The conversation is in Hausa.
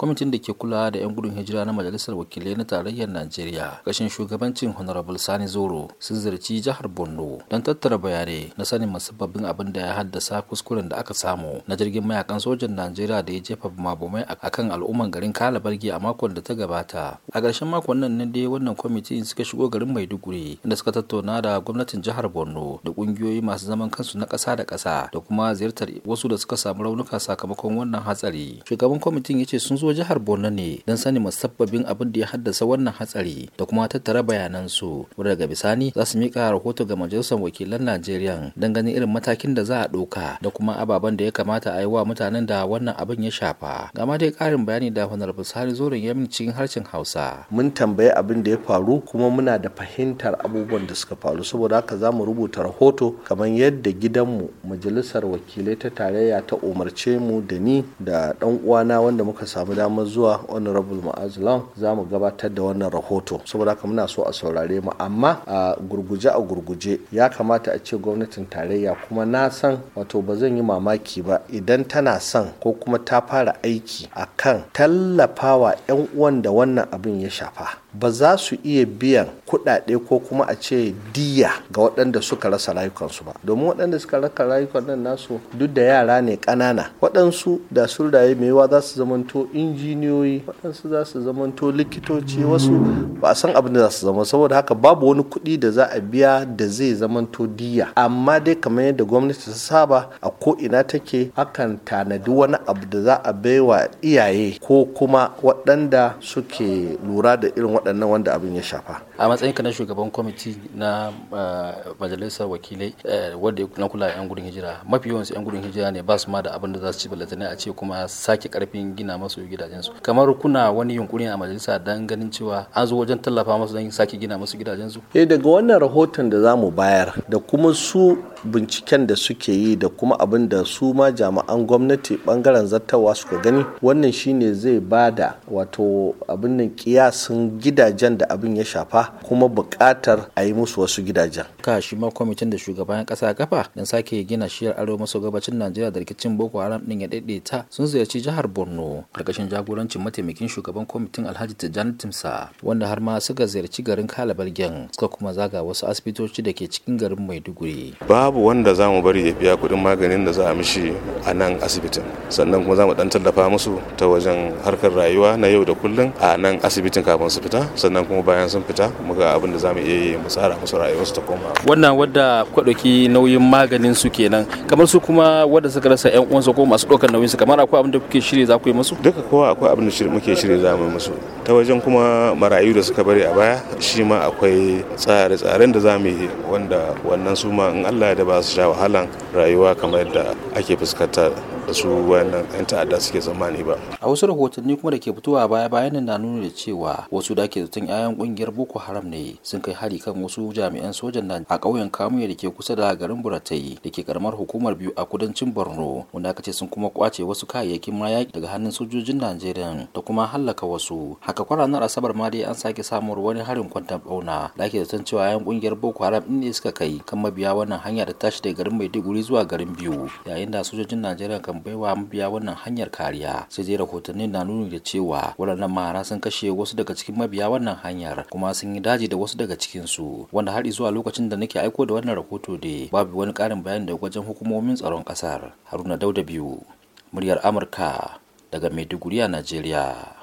kwamitin da ke kula da 'yan gudun hijira na majalisar wakilai na tarayyar najeriya kashin shugabancin honorable sani zoro sun ziyarci jihar borno don tattara bayanai na sanin musabbabin abin da ya haddasa kuskuren da aka samu na jirgin mayakan sojan najeriya da ya jefa mabumai a kan al'umman garin kalabargi a makon da ta gabata a ƙarshen makon nan ne dai wannan kwamitin suka shigo garin maiduguri inda suka tattauna da gwamnatin jihar borno da ƙungiyoyi masu zaman kansu na ƙasa da ƙasa da kuma ziyartar wasu da suka samu raunuka sakamakon wannan hatsari shugaban kwamitin ya ce sun zo zo jihar Borno ne don sanin musabbabin abin da ya haddasa wannan hatsari da kuma tattara bayanan su. Wanda daga bisani za su mika rahoto ga majalisar wakilan Najeriya don ganin irin matakin da za a ɗauka da kuma ababen da ya kamata a yi wa mutanen da wannan abin ya shafa. Gama dai ƙarin bayani da Honar Sani Zorin ya cikin harshen Hausa. Mun tambayi abin da ya faru kuma muna da fahimtar abubuwan da suka faru saboda haka za mu rubuta rahoto kamar yadda gidanmu majalisar wakilai ta tarayya ta umarce mu da ni da ɗan uwana wanda muka samu damar zuwa honorable ma'az long za mu gabatar da wannan rahoto saboda haka muna so a saurare mu amma a gurguje a gurguje ya kamata a ce gwamnatin tarayya kuma na san wato ba zan yi mamaki ba idan tana son ko kuma ta fara aiki a kan tallafawa 'yan uwan da wannan abin ya shafa ba za su iya biyan kuɗaɗe ko kuma a ce diya ga waɗanda suka rasa rayukansu ba domin waɗanda suka rasa rayukan nan nasu duk da yara ne ƙanana waɗansu da sun rayu mai yawa za su zamanto injiniyoyi waɗansu za su zamanto likitoci wasu ba a san abin da za su zama saboda haka babu wani kuɗi da za a biya da zai zamanto diya amma dai kamar yadda gwamnati ta saba a ko ina take akan tanadi wani abu da za a baiwa iyaye ko kuma waɗanda suke lura da irin waɗannan wanda abin ya shafa a matsayin ka na shugaban kwamiti na eh, majalisar wakilai eh, wadda na kula yan gudun hijira mafi yawan yan gudun hijira ne ba su ma da abin da za su ci balatani a ce kuma sake karfin gina masu gidajen su kamar kuna wani yunkuri a majalisa dan ganin cewa an zo wajen tallafa masu dan sake gina masu gidajen su eh daga wannan rahoton da za mu bayar da kuma su binciken da suke yi da kuma abin da su ma jami'an gwamnati bangaren zattawa suka gani wannan shine zai bada wato abin nan kiyasin gidajen da abin ya shafa kuma buƙatar a yi musu wasu gidajen. Ka shi ma kwamitin da shugaban ƙasa kafa don sake gina shiyar aro maso gabacin Najeriya da rikicin Boko Haram ɗin ya daidaita sun ziyarci jihar Borno ƙarƙashin jagorancin mataimakin shugaban kwamitin Alhaji Tijjani Timsa wanda har ma suka ziyarci garin Kalabalgen suka kuma zaga wasu asibitoci da ke cikin garin Maiduguri. Babu wanda za mu bari ya biya kuɗin maganin da za a mishi a nan asibitin sannan kuma za mu ɗan tallafa musu ta wajen harkar rayuwa na yau da kullum a nan asibitin kafin su fita sannan kuma bayan sun fita kuma ga abin da za mu iya yi mu tsara musu rayuwarsu ta koma wannan wadda kuka ɗauki nauyin maganin su kenan kamar su kuma wadda suka rasa yan uwansu ko masu ɗaukar nauyin su kamar akwai abin da kuke shirye za ku yi musu duka kowa akwai abin da muke shirye za mu yi musu ta wajen kuma marayu da suka bari a baya shi ma akwai tsare-tsaren da za mu yi wanda wannan su ma in Allah ya da ba su sha wahalan rayuwa kamar yadda ake fuskanta da su wayannan 'yan ta'adda suke zamani ba a wasu rahotanni kuma da ke fitowa baya bayan na nuna da cewa wasu da ke zaton 'ya'yan kungiyar boko haram ne sun kai hari kan wasu jami'an sojan nan a ƙauyen kamuya da ke kusa da garin buratai da ke karamar hukumar biyu a kudancin borno wanda aka ce sun kuma kwace wasu kayayyakin mayaki daga hannun sojojin najeriya da kuma hallaka wasu haka kwaranar asabar ma dai an sake samuwar wani harin kwantar bauna da ake zaton cewa 'ya'yan kungiyar boko haram ne suka kai kan mabiya wannan hanya da tashi daga garin maiduguri zuwa garin biyu yayin da sojojin najeriya kan baiwa mabiya wannan hanyar kariya sai dai rahotanni na nuni da cewa wadannan mahara sun kashe wasu daga cikin mabiya wannan hanyar kuma sun yi daji da wasu daga cikin su wanda har zuwa lokacin da nake aiko da wannan rahoto da babu wani karin bayani daga wajen hukumomin tsaron ƙasar haruna dauda biyu muryar amurka daga maiduguri a najeriya